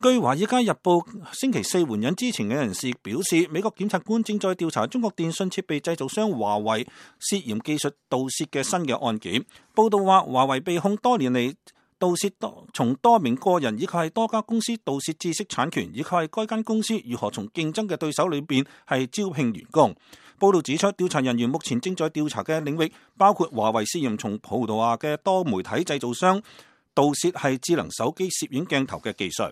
據《華爾街日報》星期四援引知情嘅人士表示，美國檢察官正在調查中國電信設備製造商華為涉嫌技術盜竊嘅新嘅案件。報道話，華為被控多年嚟盜竊多從多名個人以及係多家公司盜竊知，知識產權，以及係該間公司如何從競爭嘅對手裏邊係招聘員工。報道指出，調查人員目前正在調查嘅領域包括華為涉嫌從葡萄牙嘅多媒體製造商盜竊係智能手機攝影鏡頭嘅技術。